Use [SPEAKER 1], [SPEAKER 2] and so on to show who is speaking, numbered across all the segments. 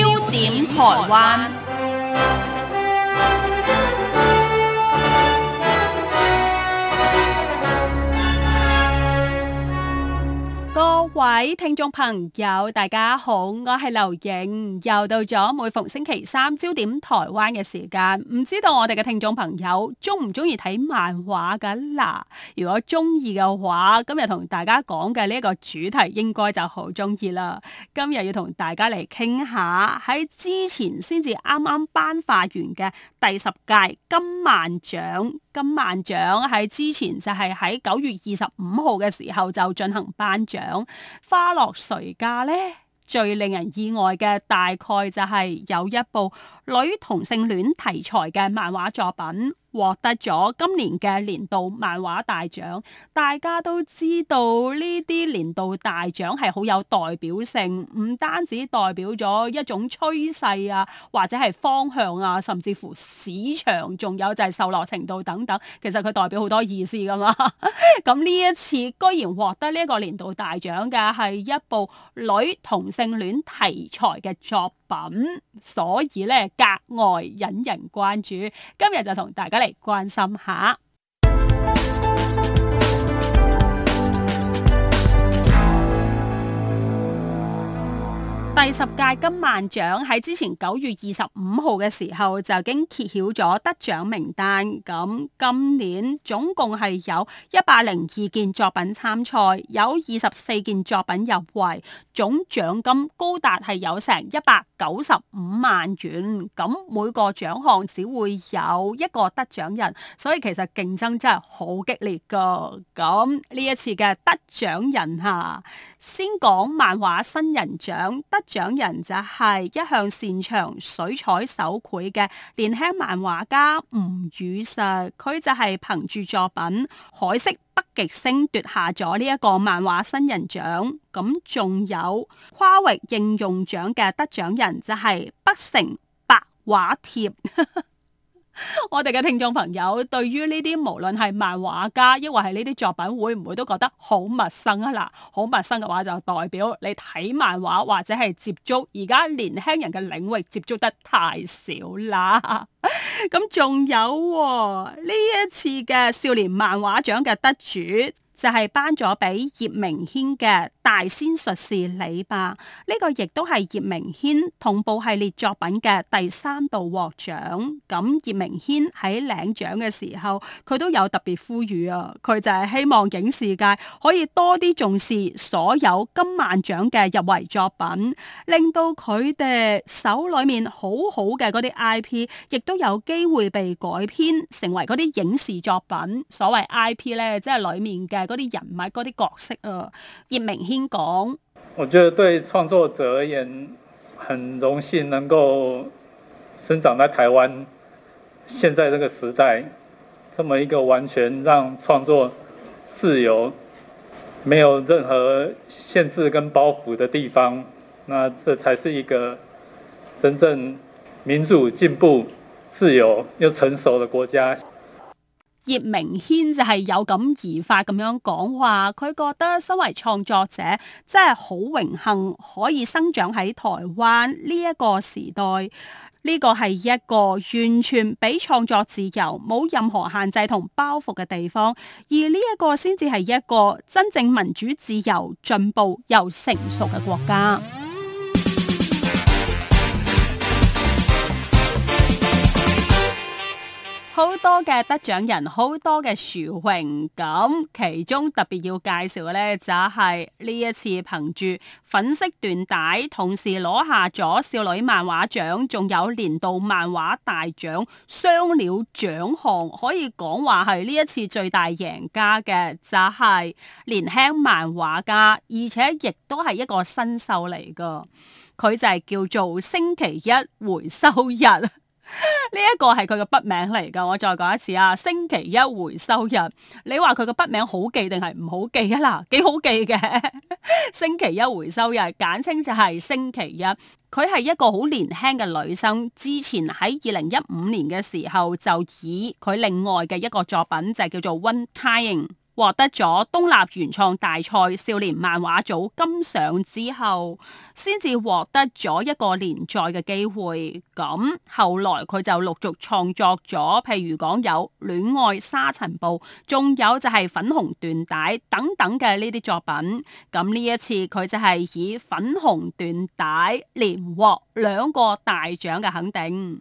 [SPEAKER 1] 焦點台灣。各位聽眾朋友，大家好，我係劉穎，又到咗每逢星期三焦點台灣嘅時間，唔知道我哋嘅聽眾朋友中唔中意睇漫畫噶啦？如果中意嘅話，今日同大家講嘅呢一個主題應該就好中意啦。今日要同大家嚟傾下喺之前先至啱啱頒發完嘅第十屆金漫獎。金漫獎喺之前就係喺九月二十五號嘅時候就進行頒獎，花落誰家呢？最令人意外嘅大概就係有一部女同性戀題材嘅漫畫作品。獲得咗今年嘅年度漫畫大獎，大家都知道呢啲年度大獎係好有代表性，唔單止代表咗一種趨勢啊，或者係方向啊，甚至乎市場，仲有就係受落程度等等，其實佢代表好多意思噶嘛。咁 呢一次居然獲得呢一個年度大獎嘅係一部女同性戀題材嘅作品。品，所以咧格外引人關注。今日就同大家嚟關心下。第十屆金漫獎喺之前九月二十五號嘅時候就已經揭曉咗得獎名單。咁今年總共係有一百零二件作品參賽，有二十四件作品入圍，總獎金高達係有成一百九十五萬元。咁每個獎項只會有一個得獎人，所以其實競爭真係好激烈噶。咁呢一次嘅得獎人啊，先講漫畫新人獎得獎人就係一向擅長水彩手繪嘅年輕漫畫家吳宇石，佢就係憑住作品《海色北極星》奪下咗呢一個漫畫新人獎。咁仲有跨域應用獎嘅得獎人就係北城百畫帖。 我哋嘅聽眾朋友，對於呢啲無論係漫畫家，抑或係呢啲作品，會唔會都覺得好陌生啊？嗱，好陌生嘅話，就代表你睇漫畫或者係接觸而家年輕人嘅領域，接觸得太少啦。咁 仲有呢一次嘅少年漫畫獎嘅得主。就係頒咗俾葉明軒嘅《大仙術士李白》這，呢個亦都係葉明軒同步系列作品嘅第三度獲獎。咁葉明軒喺領獎嘅時候，佢都有特別呼籲啊！佢就係希望影視界可以多啲重視所有金漫獎嘅入圍作品，令到佢哋手裏面好好嘅嗰啲 IP，亦都有機會被改編成為嗰啲影視作品。所謂 IP 呢，即係裏面嘅。嗰啲人物、嗰啲角色啊，葉明軒講，我覺得對創作者而言，很榮幸能夠生長在台灣，現在這個時代，這麼一個完全讓創作自由，沒有任何限制跟包袱的地方，那這才是一個真正民主、進步、自由又成熟的國家。葉明軒就係有感而發咁樣講話，佢覺得身為創作者，真係好榮幸可以生長喺台灣呢一個時代，呢個係一個完全俾創作自由、冇任何限制同包袱嘅地方，而呢一個先至係一個真正民主、自由、進步又成熟嘅國家。好多嘅得獎人，好多嘅殊榮。咁其中特別要介紹嘅呢，就係呢一次憑住粉色緞帶，同時攞下咗少女漫畫獎，仲有年度漫畫大獎雙料獎項，可以講話係呢一次最大贏家嘅就係年輕漫畫家，而且亦都係一個新秀嚟噶。佢就係叫做星期一回收日。呢一個係佢個筆名嚟噶，我再講一次啊，星期一回收日，你話佢個筆名好記定係唔好記啊？嗱，幾好記嘅，星期一回收日，簡稱就係星期一。佢係一個好年輕嘅女生，之前喺二零一五年嘅時候就以佢另外嘅一個作品就叫做 One Time。獲得咗東立原創大賽少年漫畫組金賞之後，先至獲得咗一個連載嘅機會。咁後來佢就陸續創作咗，譬如講有《戀愛沙塵暴》，仲有就係《粉紅緞帶》等等嘅呢啲作品。咁呢一次佢就係以《粉紅緞帶》連獲兩個大獎嘅肯定。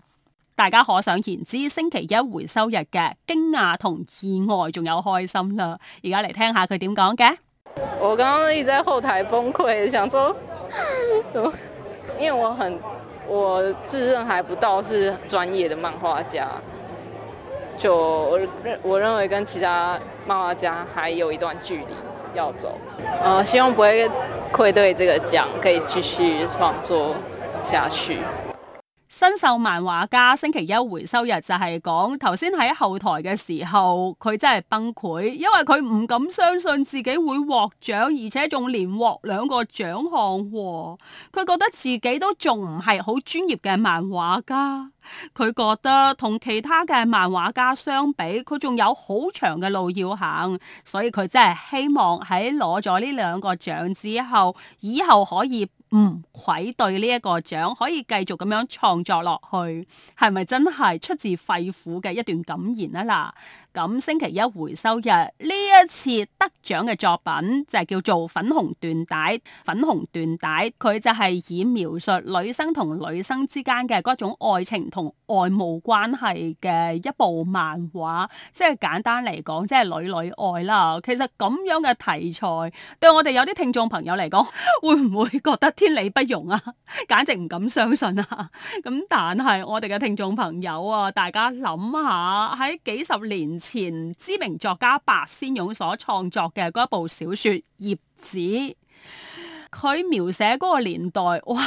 [SPEAKER 1] 大家可想而知，星期一回收日嘅驚訝同意外，仲有開心啦！而家嚟聽下佢點講嘅。我剛剛一直在後台崩潰，想說， 因為我很，我自認還不到是專業的漫畫家，就我認我認為跟其他漫畫家還有一段距離要走。啊、呃，希望不會愧對這個獎，可以繼續創作下去。新秀漫畫家星期一回收日就係講，頭先喺後台嘅時候，佢真係崩潰，因為佢唔敢相信自己會獲獎，而且仲連獲兩個獎項喎，佢覺得自己都仲唔係好專業嘅漫畫家。佢覺得同其他嘅漫畫家相比，佢仲有好長嘅路要行，所以佢真係希望喺攞咗呢兩個獎之後，以後可以唔愧對呢一個獎，可以繼續咁樣創作落去，係咪真係出自肺腑嘅一段感言啊？嗱，咁星期一回收日呢一次得獎嘅作品就係叫做《粉紅緞帶》，粉紅緞帶佢就係以描述女生同女生之間嘅嗰種愛情。同外務關係嘅一部漫畫，即係簡單嚟講，即係女女愛啦。其實咁樣嘅題材，對我哋有啲聽眾朋友嚟講，會唔會覺得天理不容啊？簡直唔敢相信啊！咁但係我哋嘅聽眾朋友啊，大家諗下喺，幾十年前知名作家白先勇所創作嘅嗰一部小說《孽子》，佢描寫嗰個年代，哇！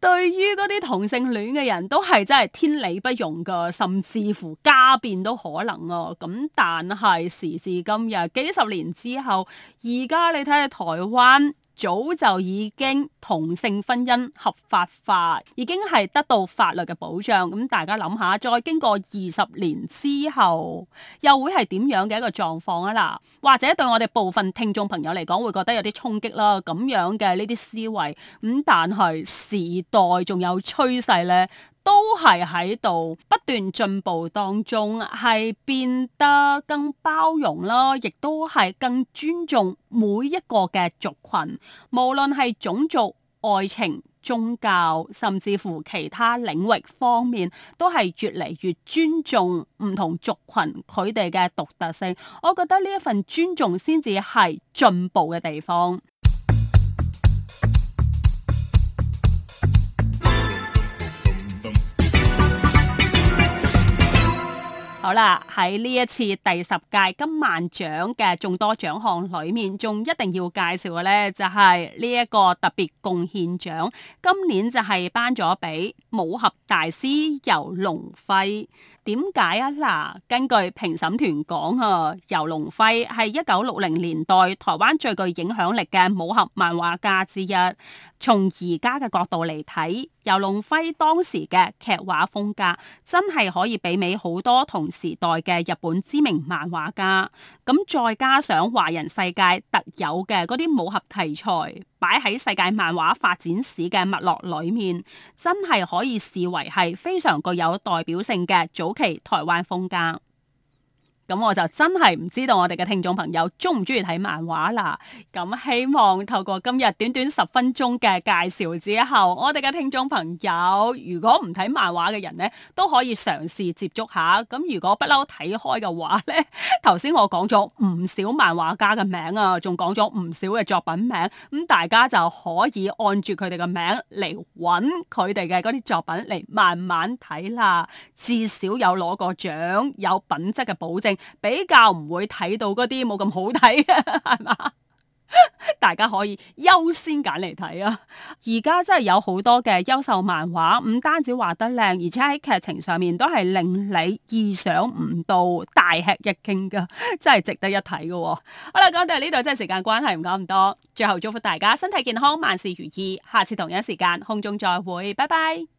[SPEAKER 1] 對於嗰啲同性戀嘅人都係真係天理不容㗎，甚至乎家變都可能啊。咁但係時至今日，幾十年之後，而家你睇下台灣。早就已經同性婚姻合法化，已經係得到法律嘅保障。咁大家諗下，再經過二十年之後，又會係點樣嘅一個狀況啊？嗱，或者對我哋部分聽眾朋友嚟講，會覺得有啲衝擊啦。咁樣嘅呢啲思維，咁但係時代仲有趨勢呢。都係喺度不斷進步當中，係變得更包容啦，亦都係更尊重每一個嘅族群，無論係種族、愛情、宗教，甚至乎其他領域方面，都係越嚟越尊重唔同族群佢哋嘅獨特性。我覺得呢一份尊重先至係進步嘅地方。好啦，喺呢一次第十屆金漫獎嘅眾多獎項裏面，仲一定要介紹嘅呢就係呢一個特別貢獻獎，今年就係頒咗俾武俠大師游龍輝。點解啊？嗱，根據評審團講啊，游龍輝係一九六零年代台灣最具影響力嘅武俠漫畫家之一。從而家嘅角度嚟睇，游龍輝當時嘅劇畫風格真係可以媲美好多同時代嘅日本知名漫畫家。咁再加上華人世界特有嘅嗰啲武俠題材，擺喺世界漫畫發展史嘅脈絡裏面，真係可以視為係非常具有代表性嘅早期台灣風格。咁我就真係唔知道我哋嘅聽眾朋友中唔中意睇漫畫啦。咁希望透過今日短短十分鐘嘅介紹之後，我哋嘅聽眾朋友如果唔睇漫畫嘅人咧，都可以嘗試接觸下。咁如果不嬲睇開嘅話咧，頭先我講咗唔少漫畫家嘅名啊，仲講咗唔少嘅作品名，咁大家就可以按住佢哋嘅名嚟揾佢哋嘅嗰啲作品嚟慢慢睇啦。至少有攞過獎，有品質嘅保證。比較唔會睇到嗰啲冇咁好睇嘅，係 嘛是吧？ 大家可以優先揀嚟睇啊！而 家真係有好多嘅優秀漫畫，唔單止畫得靚，而且喺劇情上面都係令你意想唔到、大吃一驚嘅， 真係值得一睇嘅、啊。好啦，講到呢度，真係時間關係，唔講咁多。最後祝福大家身體健康、萬事如意，下次同一時間空中再會，拜拜。